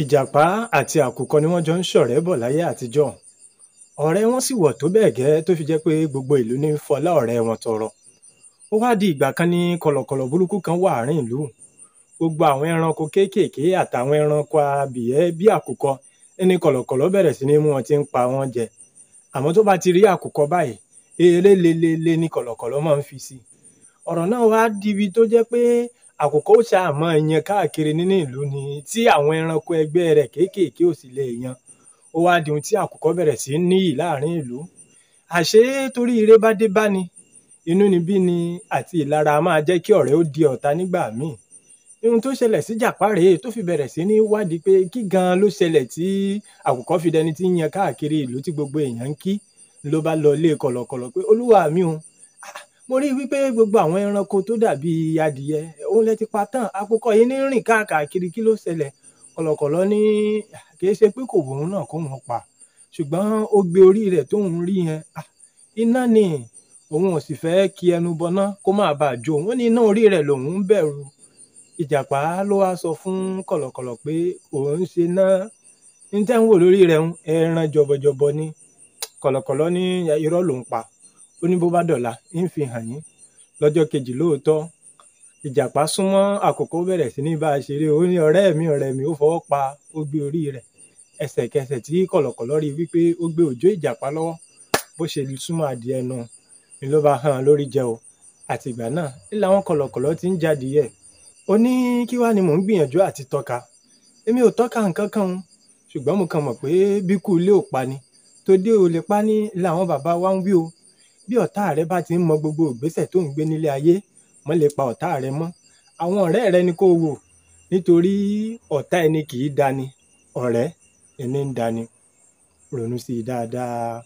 Ìjàpá àti àkùkọ ni wọ́n jọ ń ṣọ̀rẹ́ bọ̀ láyé àtijọ́. Ọ̀rẹ́ wọn sì wọ̀ tó bẹ́ẹ̀ gẹ́ tó fi jẹ́ pé gbogbo ìlú ní ń fọlá ọ̀rẹ́ wọn tọrọ. Ó wá di ìgbà kan ní kọ̀lọ̀kọ̀lọ̀ burúkú kan wà àárín ìlú. Gbogbo àwọn ẹranko kéékèèké àtàwọn ẹranko abìyẹ́ bí àkùkọ ní kọ̀lọ̀kọ̀lọ̀ bẹ̀rẹ̀ sí ní mú wọn tí ń pa wọ́n jẹ. Àmọ́ tó bá ti rí àkùkọ báyìí, eré lelele ni kọ̀lọ̀kọ̀lọ̀ máa ń fi si. Ọ̀rọ̀ náà wá di ibi tó jẹ́ pé àkùkọ ó ṣáà yan káàkiri nínú ìlú ni tí àwọn ẹranko ẹgbẹ́ rẹ̀ kéékèèké ò sì lè yan ó wá di ohun tí àkùkọ bẹ̀rẹ̀ sí í níyì láàrin ìlú àṣé torí ire bá dé bá ni inúnibí ni àti ìlara máa jẹ́ kí ọ̀rẹ́ ó di ọ̀tá nígbà míì ohun tó ṣẹlẹ̀ sí jàpá tó fi bẹ̀rẹ̀ sí ní wádìí pé kí gan ló ṣẹlẹ̀ tí àkùkọ fi dẹni tí ń yan káàkiri ìlú tí gbogbo èèyàn ń kí ló bá lọ ilé kọ̀lọ̀kọ̀lọ̀ pé olúwa mi o mo rí i wípé gbogbo àwọn ẹranko tó dàbí adìyẹ òun lẹ ti pa tán àkùkọ yìí ní rìn káàkiri kí ló ṣẹlẹ̀ kọ̀lọ̀kọ̀lọ̀ ní kìí ṣe pé kò wòun náà kó wọn pa ṣùgbọ́n ó gbé orí rẹ̀ tóun rí yẹn iná ni òun ò sì fẹ́ kí ẹnu bọná kó má bàa jó òun ní iná orí rẹ̀ lòun ń bẹ̀rù ìjàpá ló wá sọ fún kọ̀lọ̀kọ̀lọ̀ pé òun ṣe ná ní tẹ́ ń wò lórí rẹ̀ ẹran jọ̀bọ̀jọ̀bọ̀ ni kọ̀lọ̀kọ̀lọ̀ ní irọ́ lòun pa ó ní bó bá dọ̀la ń fi hàn yín lọ́jọ́ kejì lóòótọ́ ìjàpá súnmọ́ àkókò bẹ̀rẹ̀ sí ní bá a ṣeré ó ní ọ̀rẹ́ mi ọ̀rẹ́ mi ó fọwọ́ pa ó gbé orí rẹ̀ ẹsẹ̀kẹsẹ̀ tí kọ̀lọ̀kọ̀lọ̀ rí wípé ó gbé òjò ìjàpá lọ́wọ́ bó ṣe súnmọ́ adìẹ nu ni ló bá hàn lórí jẹ o àti ìgbà náà nílà àwọn ti ń jadìyẹ ó ní kí wàá ni mò ń gbìyànjú àti tọ́ka èmi ò tọ́ka nǹkan kan ṣùgbọ́n mo kàn mọ̀ pé bíkú ilé ò pa ni tó ò lè pa ní làwọn bàbá wa ń wí o bí ọ̀tá rẹ bá ti ń mọ gbogbo ìgbésẹ̀ tó ń gbé nílé ayé mọ́ lè pa ọ̀tá rẹ mọ́ àwọn ọ̀rẹ́ rẹ ni kó wò nítorí ọ̀tá ẹni kì í dani ọ̀rẹ́ ẹni ń dani ronú sí i dáadáa.